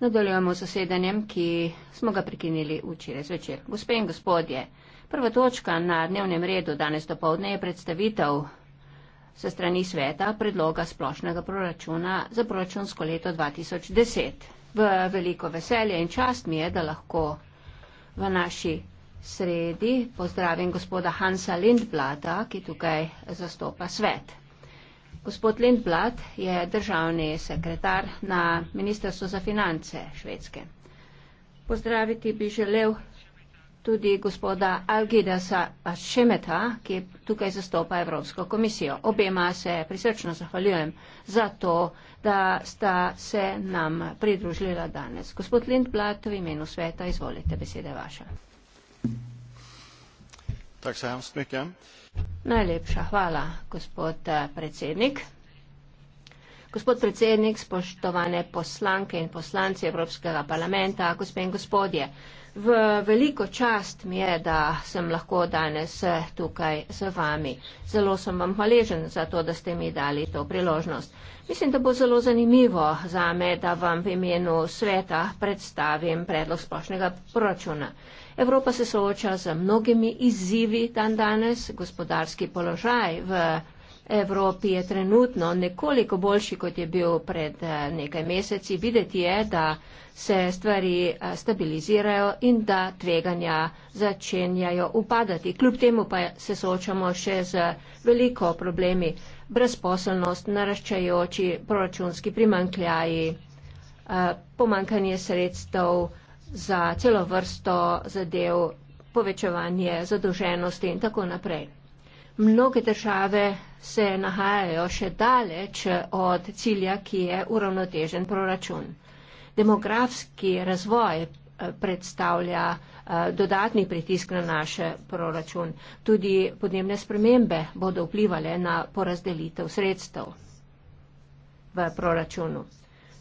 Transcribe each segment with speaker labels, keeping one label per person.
Speaker 1: Nadaljujemo zasedanjem, ki smo ga prekinili včeraj zvečer. Gospe in gospodje, prva točka na dnevnem redu danes do povdne je predstavitev se strani sveta predloga splošnega proračuna za proračunsko leto 2010. V veliko veselje in čast mi je, da lahko v naši sredi pozdravim gospoda Hansa Lindblada, ki tukaj zastopa svet. Gospod Lindblad je državni sekretar na Ministrstvu za finance Švedske. Pozdraviti bi želel tudi gospoda Algidasa Ašemeta, ki tukaj zastopa Evropsko komisijo. Obema se prisrčno zahvaljujem za to, da sta se nam pridružila danes. Gospod Lindblad, v imenu sveta izvolite besede vaša. Tak sa vám smekam. Najlepša hvala, gospod eh, predsednik. Gospod predsednik, spoštovane poslanke in poslanci Evropskega parlamenta, gospe in gospodje, v veliko čast mi je, da sem lahko danes eh, tukaj z vami. Zelo sem vam hvaležen za to, da ste mi dali to priložnost. Mislim, da bo zelo zanimivo za me, da vam v imenu sveta predstavim predlog splošnega proračuna. Evropa se sooča z mnogimi izzivi dan danes, gospodarski položaj v Evropi je trenutno nekoliko boljši, kot je bil pred eh, nekaj meseci. Videti je, da se stvari eh, stabilizirajo in da tveganja začenjajo upadati. Kljub temu pa se soočamo še z veliko problemi. Brezposelnost, naraščajoči proračunski primankljaji, eh, pomankanje sredstev za celo vrsto zadev, povečevanje zadolženosti in tako naprej. Mnoge države se nahajajo še daleč od cilja, ki je uravnotežen proračun. Demografski razvoj eh, predstavlja eh, dodatni pritisk na naš eh, proračun. Tudi podnebne spremembe bodo vplivali na porazdelitev sredstev v proračunu.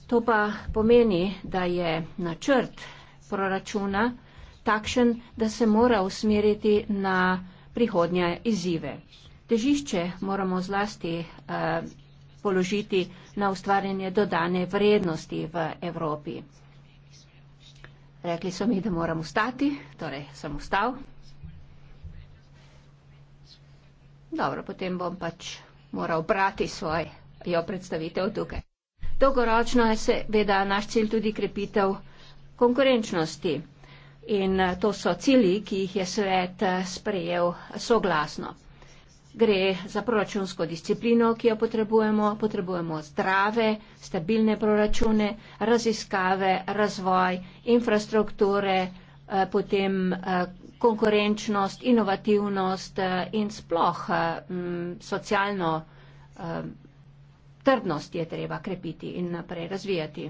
Speaker 1: To pa pomeni, da je načrt proračuna takšen, da se mora usmeriti na prihodnje izzive. Težišče moramo zlasti eh, položiti na ustvarjanje dodane vrednosti v Evropi. Rekli so mi, da moram ustati, torej sem ustal. Dobro, potem bom pač moral brati svojo predstavitev tukaj. Dolgoročno je seveda naš cilj tudi krepitev konkurenčnosti in eh, to so cilji, ki jih je svet eh, sprejel soglasno. Gre za proračunsko disciplino, ki jo potrebujemo. Potrebujemo zdrave, stabilne proračune, raziskave, razvoj, infrastrukture, eh, potem konkurenčnost, inovativnost in sploh socialno trdnost je treba krepiti in naprej razvijati.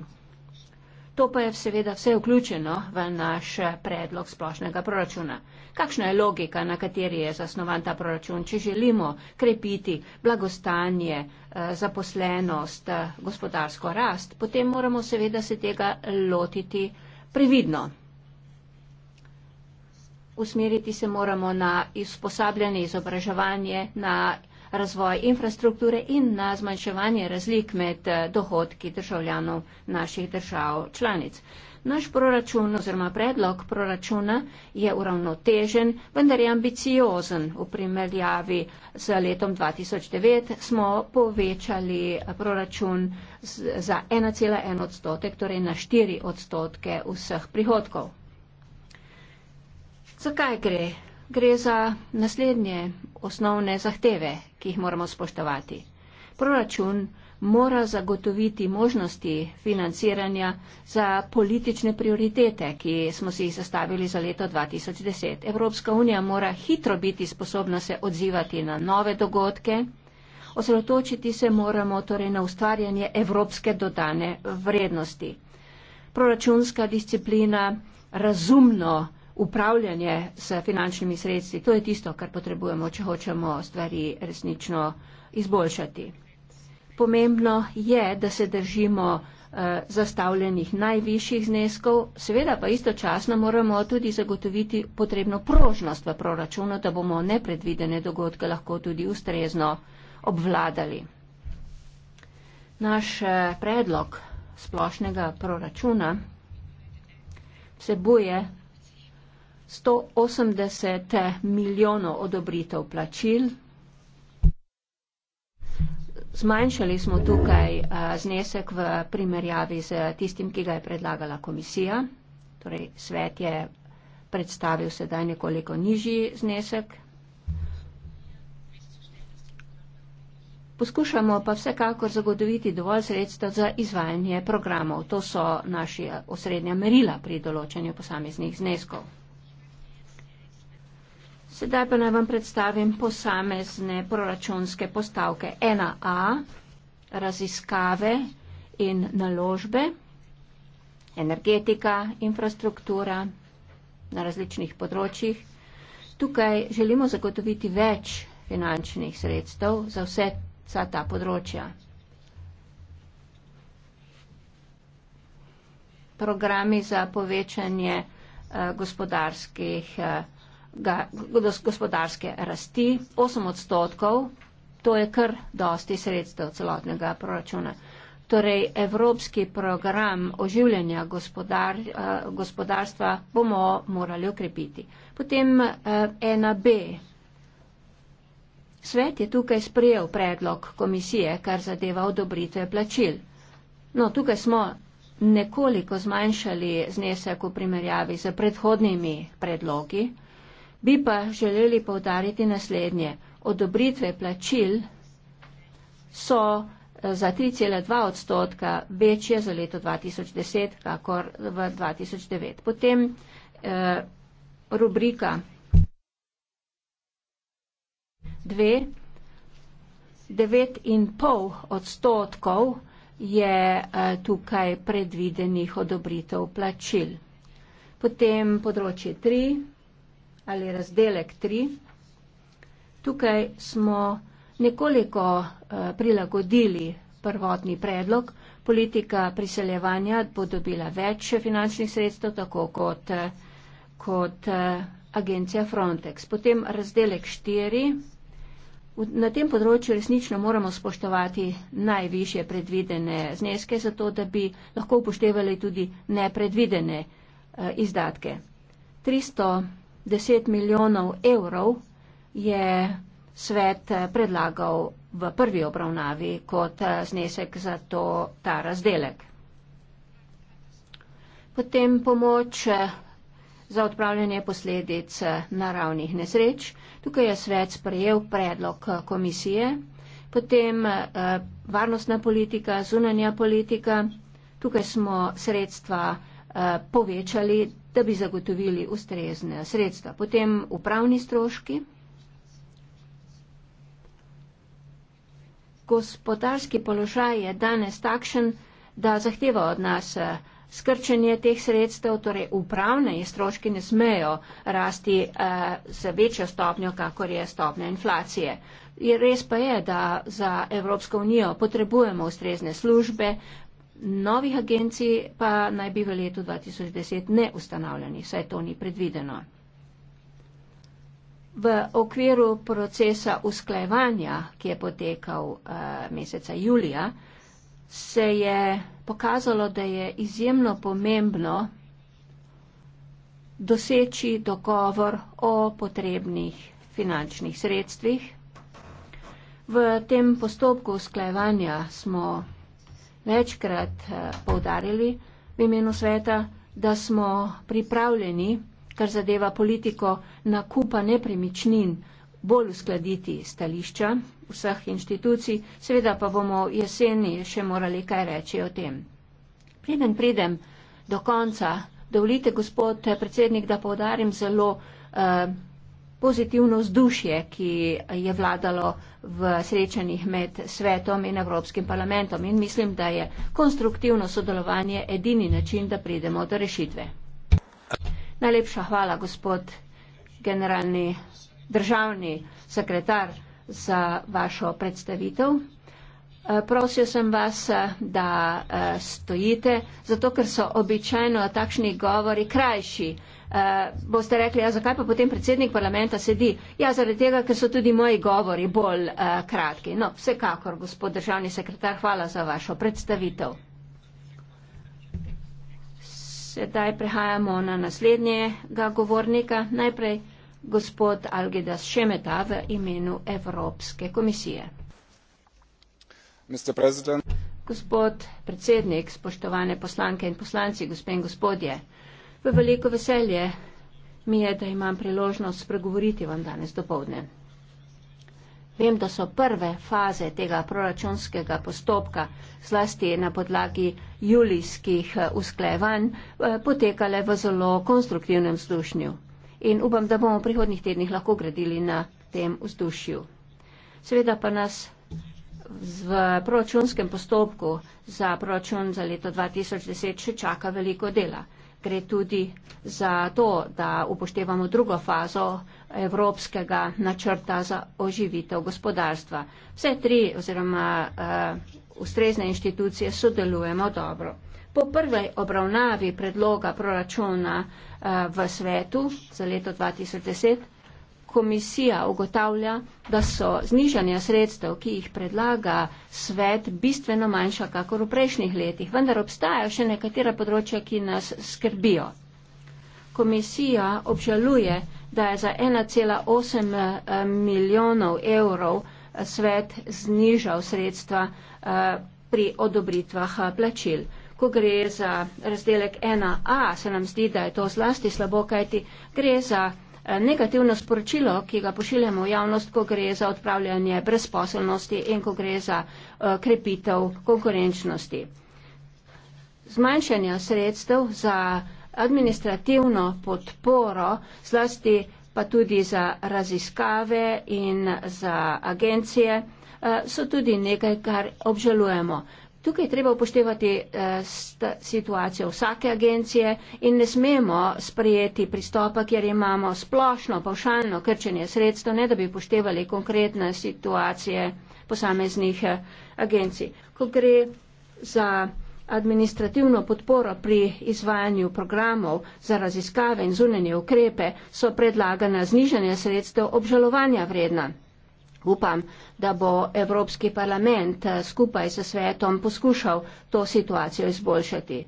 Speaker 1: To pa je seveda vse vključeno v naš predlog splošnega proračuna. Kakšna je logika, na kateri je zasnovan ta proračun, če želimo krepiti blagostanje, eh, zaposlenost, eh, gospodarsko rast, potem moramo seveda se tega lotiti previdno. Usmeriti se moramo na izposabljanje, izobraževanje, na razvoj infrastrukture in na zmanjševanje razlik med eh, dohodki državljanov naših držav članic. Naš proračun oziroma predlog proračuna je uravnotežen, vendar je ambiciozen. V primerjavi z letom 2009 smo povečali eh, proračun za 1,1 odstotek, torej na 4 odstotke vseh prihodkov. Zakaj gre? Gre za naslednje osnovne zahteve ki jih moramo spoštovati. Proračun mora zagotoviti možnosti financiranja za politične prioritete, ki smo si jih zastavili za leto 2010. Evropska unija mora hitro biti sposobna se odzivati na nove dogodke, osredotočiti se moramo torej na ustvarjanje evropske dodane vrednosti. Proračunska disciplina razumno upravljanje s finančnimi sredstvi. To je tisto, kar potrebujemo, če hočemo stvari resnično izboljšati. Pomembno je, da se držimo eh, zastavljenih najvišjih zneskov, seveda pa istočasno moramo tudi zagotoviti potrebno prožnost v proračunu, da bomo nepredvidene dogodke lahko tudi ustrezno obvladali. Naš eh, predlog splošnega proračuna vsebuje 180 milijonov odobritev plačil. Zmanjšali smo tukaj eh, znesek v primerjavi z tistim, ki ga je predlagala komisija. Torej, svet je predstavil sedaj nekoliko nižji znesek. Poskušamo pa vsekakor zagotoviti dovolj sredstev za izvajanje programov. To so naša osrednja merila pri določanju posameznih zneskov. Sedaj pa naj vam predstavim posamezne proračunske postavke. 1A, raziskave in naložbe, energetika, infrastruktura na različnih področjih. Tukaj želimo zagotoviti več finančnih sredstev za vse za ta področja. Programi za povečanje uh, gospodarskih uh, gospodarske rasti, 8 odstotkov, to je kar dosti sredstev celotnega proračuna. Torej, evropski program oživljanja gospodar, eh, gospodarstva bomo morali ukrepiti. Potem 1B. Eh, e Svet je tukaj sprejel predlog komisije, kar zadeva odobritve plačil. No, tukaj smo nekoliko zmanjšali znesek v primerjavi z predhodnimi predlogi. Bi pa želeli povdariti naslednje. Odobritve plačil so eh, za 3,2 odstotka večje za leto 2010, kakor v 2009. Potem eh, rubrika 2. 9,5 odstotkov je eh, tukaj predvidenih odobritev plačil. Potem področje 3, ali razdelek 3. Tukaj smo nekoliko eh, prilagodili prvotni predlog. Politika priseljevanja bo dobila več finančnih sredstev, tako kot, eh, kot eh, agencija Frontex. Potem razdelek 4. Na tem področju resnično moramo spoštovati najviše predvidene zneske, zato da bi lahko upoštevali tudi nepredvidene izdatke. 300 10 milijonov evrov je svet eh, predlagal v prvi obravnavi kot eh, znesek za to, ta razdelek. Potem pomoč eh, za odpravljanje posledic naravnih nesreč. Tukaj je svet sprejel predlog komisije. Potem varnostna politika, zunanja politika. Tukaj smo sredstva povečali da bi zagotovili ustrezne sredstva. Potem upravni stroški, gospodarski položaj je danes takšen, da zahteva od nas eh, skrčenje teh sredstev, torej upravne stroški ne smejo rasti eh, za večjo stopnjo, kakor je stopnja inflacije. Res pa je, da za Evropsko unijo potrebujemo ustrezne službe, Novih agencij pa naj bi v letu 2010 ne ustanavljali, saj to ni predvideno. V okviru procesa usklajevanja, ki je potekal uh, meseca julija, se je pokazalo, da je izjemno pomembno doseči dogovor o potrebnih finančnih sredstvih. V tem postopku usklajevanja smo večkrat eh, povdarjali v imenu sveta, da smo pripravljeni, kar zadeva politiko nakupa nepremičnin, bolj uskladiti stališča vseh inštitucij, seveda pa bomo jeseni še morali kaj reči o tem. Preden pridem do konca, dovolite, gospod predsednik, da povdarim zelo eh, pozitivno vzdušje, ki je vladalo v srečanjih med svetom in Evropskim parlamentom. In mislim, da je konstruktivno sodelovanje edini način, da pridemo do rešitve. Najlepša hvala, gospod generalni državni sekretar, za vašo predstavitev. Eh, prosil sem vas, eh, da eh, stojite, zato ker so običajno takšni govori krajši. Boste rekli, ja, zakaj pa potem predsednik parlamenta sedi? Ja, zaradi tega, ker so tudi moji govori bolj kratki. No, vsekakor, gospod državni sekretar, hvala za vašo predstavitev. Sedaj prehajamo na naslednjega govornika. Najprej gospod Algidas Šemeta v imenu Evropske komisije. Gospod predsednik, spoštovane poslanke in poslanci, gospe in gospodje, v veliko veselje mi je, da imam priložnost spregovoriti vam danes dopovdne. Vem, da so prve faze tega proračunskega postopka, zlasti na podlagi julijskih eh, usklejevanj, eh, potekale v zelo konstruktivnem slušnju. In upam, da bomo v prihodnih tednih lahko gradili na tem vzdušju. Seveda pa nas v proračunskem postopku za proračun za leto 2010 še čaka veliko dela. Gre tudi za to, da upoštevamo drugo fazo evropskega načrta za oživitev gospodarstva. Vse tri oziroma uh, ustrezne inštitucije sodelujemo dobro. Po prvej obravnavi predloga proračuna uh, v svetu za leto 2010 komisija ugotavlja, da so znižanja sredstev, ki jih predlaga svet, bistveno manjša, kakor v prejšnjih letih. Vendar obstajajo še nekatera področja, ki nas skrbijo. Komisija obžaluje, da je za 1,8 eh, milijonov evrov eh, svet znižal sredstva eh, pri odobritvah plačil. Ko gre za razdelek 1A, se nam zdi, da je to zlasti slabo, kajti gre za Eh, negativno sporočilo, ki ga pošiljamo v javnost, ko gre za odpravljanje brezposelnosti in ko gre za eh, krepitev konkurenčnosti. Zmanjšanja sredstev za administrativno podporo, zlasti pa tudi za raziskave in za agencije, eh, so tudi nekaj, kar obžalujemo. Tukaj je treba upoštevati uh, situacijo vsake agencije in ne smemo sprejeti pristopa, kjer imamo splošno, pavšalno krčenje sredstev, ne da bi upoštevali konkretne situacije posameznih uh, agencij. Ko gre za administrativno podporo pri izvajanju programov za raziskave in zunanje ukrepe, so predlagana znižanja sredstev obžalovanja vredna. Upam, da bo Evropski parlament eh, skupaj s svetom poskušal to situacijo izboljšati.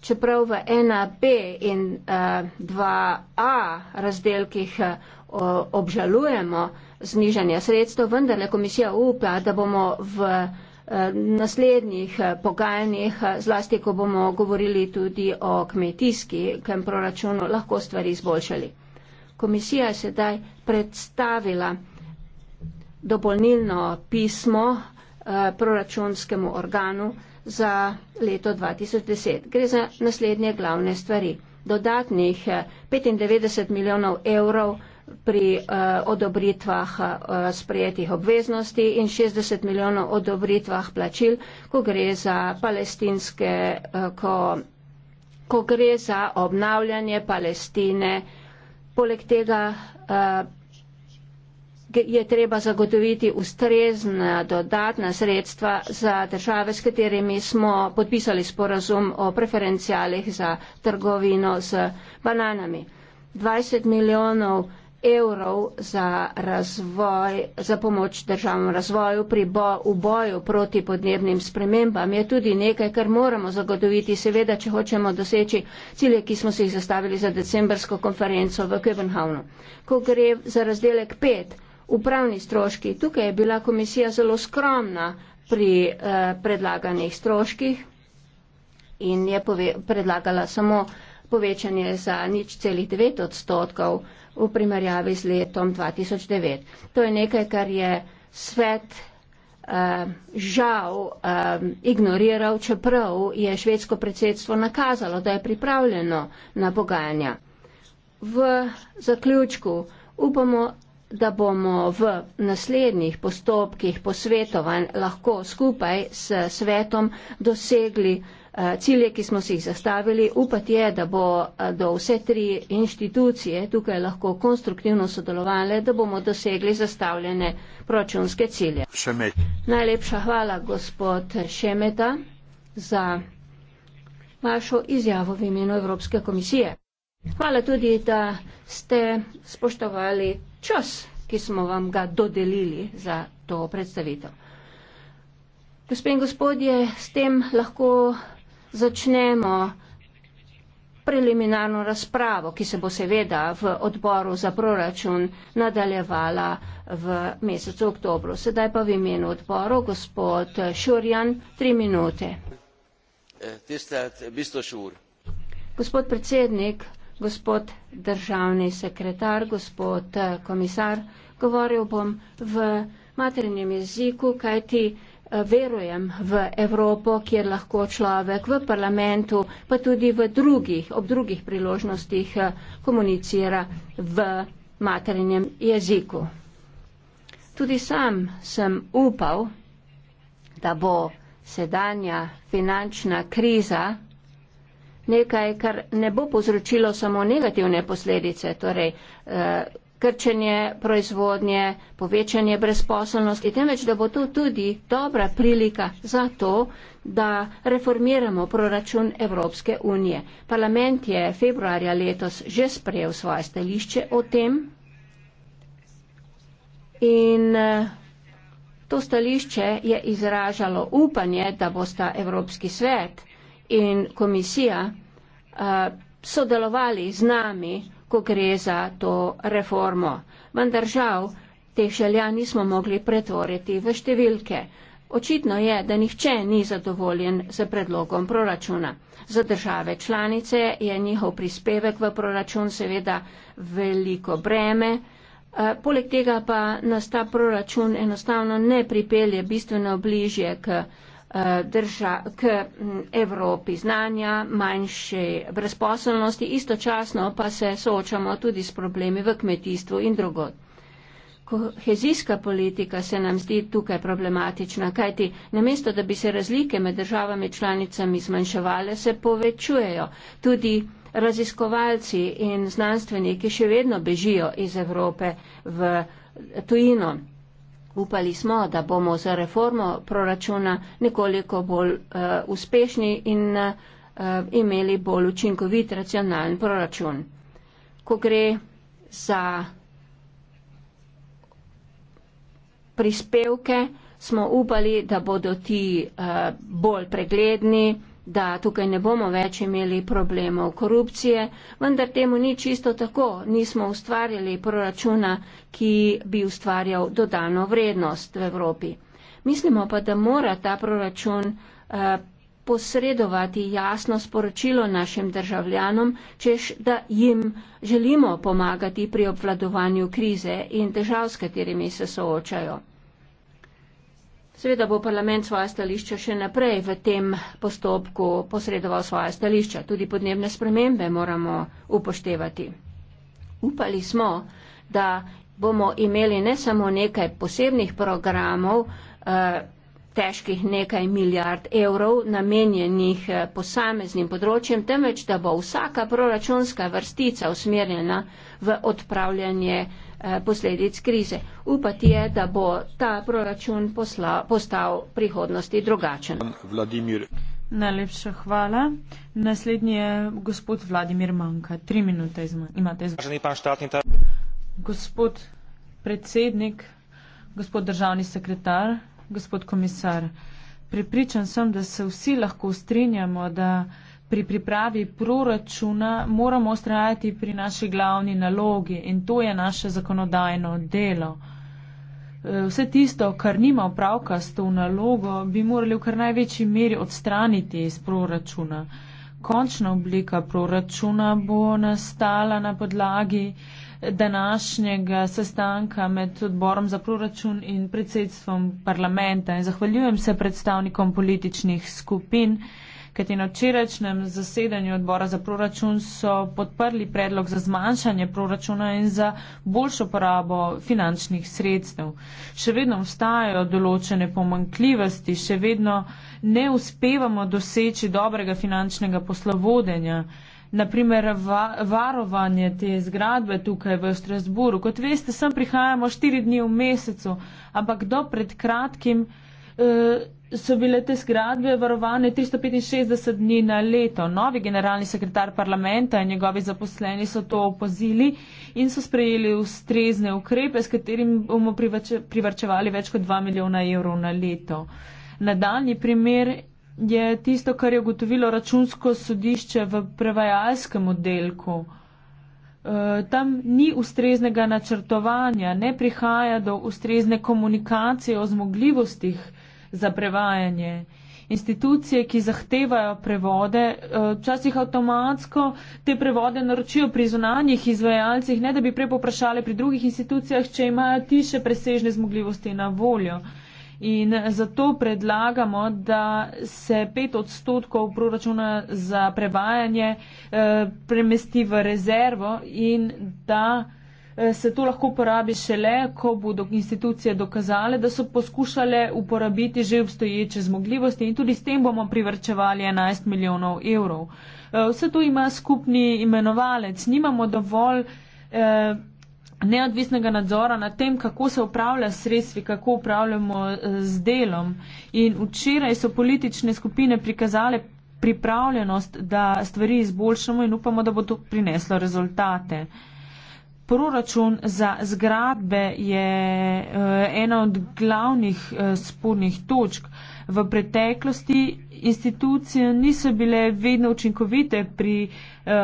Speaker 1: Čeprav v 1B in 2A eh, razdelkih eh, obžalujemo znižanje sredstev, vendar le komisija upa, da bomo v naslednjih pogajanjih, zlasti ko bomo govorili tudi o kmetijskem proračunu, lahko stvari izboljšali. Komisija je sedaj predstavila dopolnilno pismo eh, proračunskemu organu za leto 2010. Gre za naslednje glavne stvari. Dodatnih 95 eh, milijonov evrov pri uh, odobritvah uh, sprejetih obveznosti in 60 milijonov odobritvah plačil, ko gre za palestinske, uh, ko, ko gre za obnavljanje Palestine. Poleg tega uh, je treba zagotoviti ustrezna dodatna sredstva za države, s katerimi smo podpisali sporazum o preferencijalih za trgovino z bananami. 20 milijonov evrov za, razvoj, za pomoč državam razvoju pri bo, v boju proti podnebnim spremembam je tudi nekaj, kar moramo zagotoviti, seveda, če hočemo doseči cilje, ki smo si jih zastavili za decembrsko konferenco v Kopenhavnu. Ko gre za razdelek 5, upravni stroški. Tukaj je bila komisija zelo skromna pri eh, predlaganih stroških in je pove, predlagala samo povečanje za nič celih 9 odstotkov v primerjavi z letom 2009. To je nekaj, kar je svet eh, žal eh, ignoriral, čeprav je švedsko predsedstvo nakazalo, da je pripravljeno na pogajanja. V zaključku upamo, da bomo v naslednjih postopkih posvetovanj lahko skupaj s svetom dosegli eh, cilje, ki smo si jih zastavili. Upati je, da bo eh, do vse tri inštitucije tukaj lahko konstruktivno sodelovali, da bomo dosegli zastavljene proračunske cilje. Šemet. Najlepša hvala, gospod Šemeta, za vašo izjavo v imenu Evropske komisije. Hvala tudi, da ste spoštovali čas, ki smo vam ga dodelili za to predstavitev. Gospe in gospodje, s tem lahko začnemo preliminarno razpravo, ki se bo seveda v odboru za proračun nadaljevala v mesecu oktobru. Sedaj pa v imenu odboru gospod Šurjan, tri minute. Eh, gospod predsednik, gospod državni sekretar, gospod eh, komisar, govoril bom v maternem jeziku, kajti eh, verujem v Evropo, kjer lahko človek v parlamentu, pa tudi v drugih, ob drugih priložnostih eh, komunicira v maternem jeziku. Tudi sam sem upal, da bo sedanja finančna kriza nekaj, kar ne bo povzročilo samo negativne posledice, torej eh, krčenje proizvodnje, povečanje brezposobnosti, temveč da bo to tudi dobra prilika za to, da reformiramo proračun Evropske unije. Parlament je februarja letos že sprejel svoje stališče o tem in eh, to stališče je izražalo upanje, da bo sta Evropski svet in komisija uh, sodelovali z nami, ko gre za to reformo. Vendar žal teh želja nismo mogli pretvoriti v številke. Očitno je, da nihče ni zadovoljen z predlogom proračuna. Za države članice je njihov prispevek v proračun seveda veliko breme. Eh, poleg tega pa nas ta proračun enostavno ne pripelje bistveno bližje k Eh, drža, k mm, Evropi znanja, manjše brezposobnosti, istočasno pa se soočamo tudi s problemi v kmetijstvu in drugod. Kohezijska politika se nam zdi tukaj problematična, kajti namesto, da bi se razlike med državami članicami zmanjševale, se povečujejo. Tudi raziskovalci in znanstveniki še vedno bežijo iz Evrope v tujino. Upali smo, da bomo z reformo proračuna nekoliko bolj uh, uspešni in uh, imeli bolj učinkovit racionalen proračun. Ko gre za prispevke, smo upali, da bodo ti uh, bolj pregledni, da tukaj ne bomo več imeli problemov korupcije, vendar temu ni čisto tako. Nismo ustvarjali proračuna, ki bi ustvarjal dodano vrednost v Evropi. Mislimo pa, da mora ta proračun eh, posredovati jasno sporočilo našim državljanom, čež da jim želimo pomagati pri obvladovanju krize in težav, s katerimi se soočajo. Seveda bo parlament svoje stališče še naprej v tem postopku posredoval svoje stališče. Tudi podnebne spremembe moramo upoštevati. Upali smo, da bomo imeli ne samo nekaj posebnih programov, eh, težkih nekaj milijard evrov, namenjenih eh, posameznim področjem, temveč da bo vsaka proračunska vrstica usmerjena v odpravljanje Eh, posledic krize. Upati je, da bo ta proračun posla, postal v prihodnosti drugačen. Vladimir. Najlepša hvala.
Speaker 2: Naslednji je gospod Vladimir Manka. Tri minute imate
Speaker 1: izvolite.
Speaker 2: Gospod predsednik, gospod državni sekretar, gospod komisar, pripričan sem, da se vsi lahko strinjamo, da pri pripravi proračuna moramo ustrajati pri naši glavni nalogi in to je naše zakonodajno delo. Eh, vse tisto, kar nima opravka s to nalogo, bi morali v kar največji meri odstraniti iz proračuna. Končna oblika proračuna bo nastala na podlagi današnjega sestanka med odborom za proračun in predsedstvom parlamenta. In zahvaljujem se predstavnikom političnih skupin kajti na včerajšnjem zasedanju odbora za proračun so podprli predlog za zmanjšanje proračuna in za boljšo porabo finančnih sredstev. Še vedno vstajajo določene pomankljivosti, še vedno ne uspevamo doseči dobrega finančnega poslovodenja. Naprimer, varovanje te zgradbe tukaj v Strasburu. Kot veste, sem prihajamo štiri dni v mesecu, ampak do pred kratkim eh, so bile te zgradbe varovane 365 dni na leto. Novi generalni sekretar parlamenta in njegovi zaposleni so to opozili in so sprejeli ustrezne ukrepe, s katerim bomo privrčevali več kot 2 milijona evrov na leto. Nadaljni primer je tisto, kar je ugotovilo računsko sodišče v prevajalskem oddelku. E, tam ni ustreznega načrtovanja, ne prihaja do ustrezne komunikacije o zmogljivostih za prevajanje. Institucije, ki zahtevajo prevode, eh, včasih avtomatsko te prevode naročijo pri zunanjih izvajalcih, ne da bi prepoprašali pri drugih institucijah, če imajo ti še presežne zmogljivosti na voljo. In zato predlagamo, da se pet odstotkov proračuna za prevajanje eh, premesti v rezervo in da eh, Eh, se to lahko uporabi šele, ko bodo institucije dokazale, da so poskušale uporabiti že obstoječe zmogljivosti in tudi s tem bomo privrčevali 11 milijonov evrov. Eh, vse to ima skupni imenovalec. Nimamo dovolj eh, neodvisnega nadzora nad tem, kako se upravlja sredstvi, kako upravljamo z delom. In včeraj so politične skupine prikazale pripravljenost, da stvari izboljšamo in upamo, da bo to prineslo rezultate. Proračun za zgradbe je eh, ena od glavnih eh, spornih točk. V preteklosti institucije niso bile vedno učinkovite pri eh,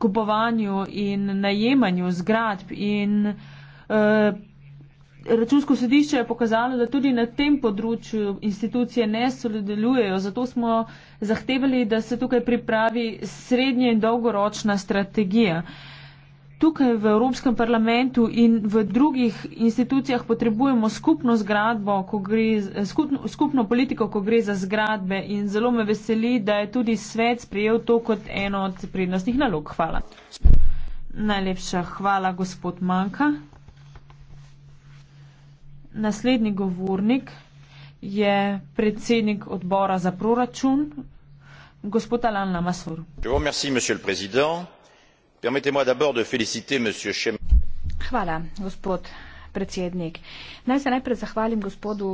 Speaker 2: kupovanju in najemanju zgradb in računsko sodišče je pokazalo, da tudi na tem področju institucije ne sodelujejo. Zato smo zahtevali, da se tukaj pripravi srednja in dolgoročna strategija tukaj v Evropskem parlamentu in v drugih institucijah potrebujemo skupno, zgradbo, gre, skupno, skupno politiko, ko gre za zgradbe in zelo me veseli, da je tudi svet sprejel to kot eno od prednostnih nalog. Hvala. Najlepša hvala, gospod Manka. Naslednji govornik je predsednik odbora za proračun, gospod Alan
Speaker 3: Lamasur.
Speaker 1: Hvala, gospod predsednik permettez moi d'abord de féliciter monsieur
Speaker 3: hvala gospod predsednik naj se najprej zahvalim gospodu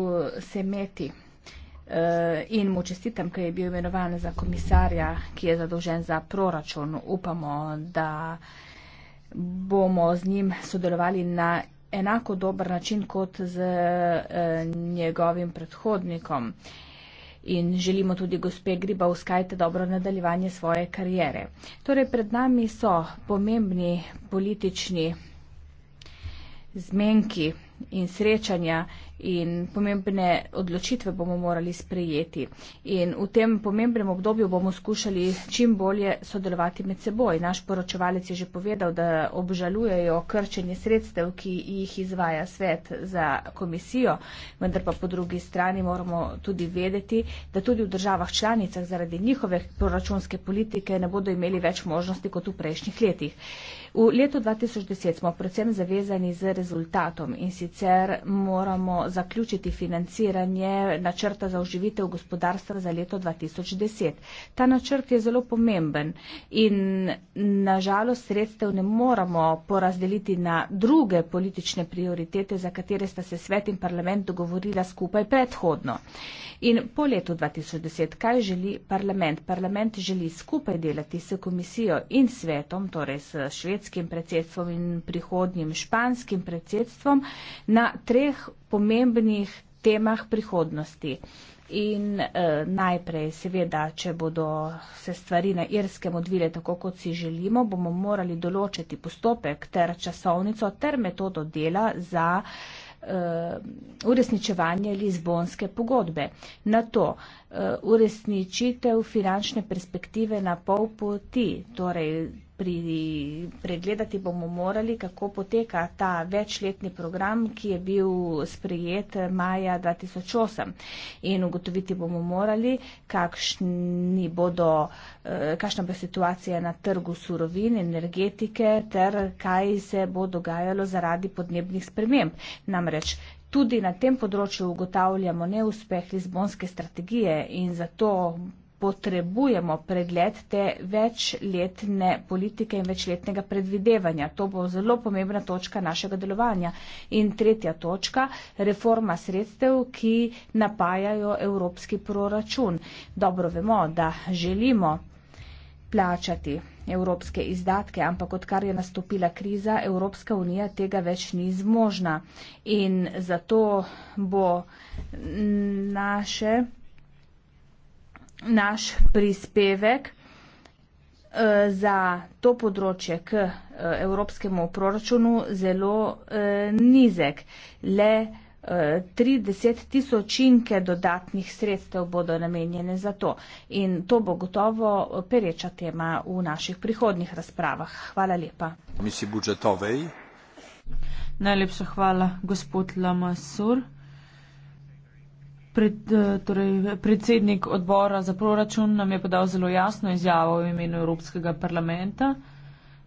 Speaker 3: semeti eh, in mu čestitam, ki je bil imenovan za komisarja, ki je zadolžen za proračun. Upamo, da bomo z njim sodelovali na enako dober način kot z eh, njegovim predhodnikom in želimo tudi gospe Gribavskajte dobro nadaljevanje svoje karijere. Torej, pred nami so pomembni politični zmenki in srečanja, in pomembne odločitve bomo morali sprejeti. In v tem pomembnem obdobju bomo skušali čim bolje sodelovati med seboj. Naš poročevalec je že povedal, da obžalujejo krčenje sredstev, ki jih izvaja svet za komisijo, vendar pa po drugi strani moramo tudi vedeti, da tudi v državah članicah zaradi njihove proračunske politike ne bodo imeli več možnosti kot v prejšnjih letih. V letu 2010 smo predvsem zavezani z rezultatom in sicer moramo zaključiti financiranje načrta za oživitev gospodarstva za leto 2010. Ta načrt je zelo pomemben in nažalost sredstev ne moramo porazdeliti na druge politične prioritete, za katere sta se svet in parlament dogovorila skupaj predhodno. In po letu 2010, kaj želi parlament? Parlament želi skupaj delati s komisijo in svetom, torej s Švedsko, švedskim predsedstvom in prihodnjim španskim predsedstvom na treh pomembnih temah prihodnosti. In eh, najprej, seveda, če bodo se stvari na Irskem odvile tako, kot si želimo, bomo morali določiti postopek ter časovnico ter metodo dela za eh, uresničevanje Lizbonske pogodbe. Na to eh, uresničitev finančne perspektive na pol poti, torej pri, pregledati bomo morali, kako poteka ta večletni program, ki je bil sprejet maja 2008. In ugotoviti bomo morali, bodo, eh, kakšna bo situacija na trgu surovin, energetike ter kaj se bo dogajalo zaradi podnebnih sprememb. Namreč tudi na tem področju ugotavljamo neuspeh Lizbonske strategije in zato potrebujemo pregled te večletne politike in večletnega predvidevanja. To bo zelo pomembna točka našega delovanja. In tretja točka, reforma sredstev, ki napajajo evropski proračun. Dobro vemo, da želimo plačati evropske izdatke, ampak odkar je nastopila kriza, Evropska unija tega več ni zmožna. In zato bo naše naš prispevek eh, za to področje k eh, evropskemu proračunu zelo eh, nizek. Le 30 tisočinke dodatnih sredstev bodo namenjene za to. In to bo gotovo pereča tema v naših prihodnih razpravah. Hvala lepa. Najlepša hvala, gospod Lamasur.
Speaker 2: Pred, eh, torej, predsednik odbora za proračun nam je podal zelo jasno izjavo v imenu Evropskega parlamenta.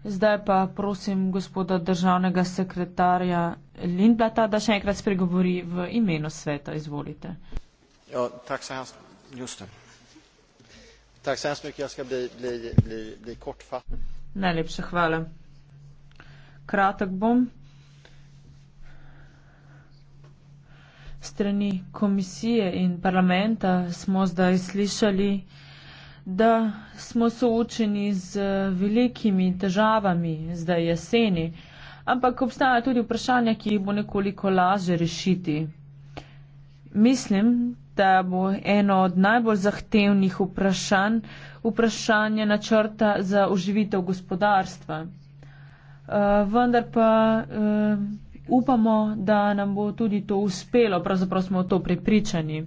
Speaker 2: Zdaj pa prosim gospoda državnega sekretarja Lindblata, da še enkrat spregovori v imenu sveta. Izvolite.
Speaker 1: Ja, tak se jaz, juste. Tak se jaz, jaz bi, bi, bi, bi kortfa.
Speaker 2: Najlepša hvala. Kratek bom. strani komisije in parlamenta smo zdaj slišali, da smo soočeni z eh, velikimi težavami zdaj jeseni, ampak obstajajo tudi vprašanja, ki jih bo nekoliko laže rešiti. Mislim, da bo eno od najbolj zahtevnih vprašanj vprašanje načrta za oživitev gospodarstva. Uh, vendar pa. Uh, upamo, da nam bo tudi to uspelo, pravzaprav smo o to prepričani.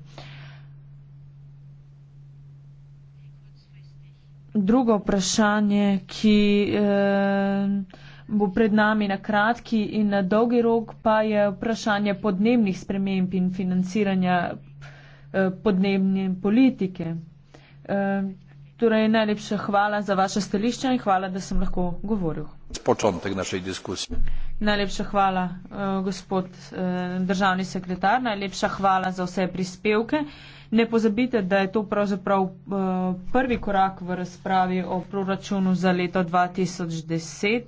Speaker 2: Drugo vprašanje, ki eh, bo pred nami na kratki in na dolgi rok, pa je vprašanje podnebnih sprememb in financiranja eh, podnebne politike. Eh, torej, najlepša hvala za vaše stališče in hvala, da sem lahko govoril.
Speaker 3: Spočontek naše diskusije.
Speaker 2: Najlepša hvala, eh, gospod eh, državni sekretar. Najlepša hvala za vse prispevke. Ne pozabite, da je to pravzaprav eh, prvi korak v razpravi o proračunu za leto 2010.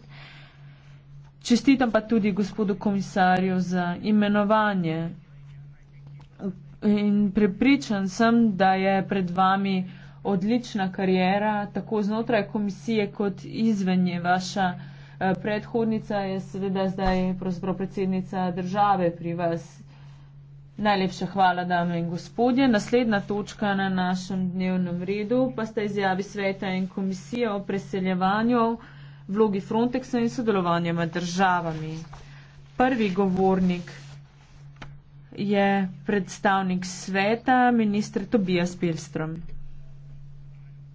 Speaker 2: Čestitam pa tudi gospodu komisarju za imenovanje. In prepričan sem, da je pred vami odlična karijera, tako znotraj komisije kot izven je vaša. Eh, predhodnica in seveda zdaj predsednica države pri vas. Najlepša hvala, dame in gospodje. Naslednja točka na našem dnevnem redu pa sta izjavi sveta in komisije o preseljevanju, vlogi Frontexa in sodelovanju med državami. Prvi govornik je predstavnik sveta, ministr Tobias Pilstrom.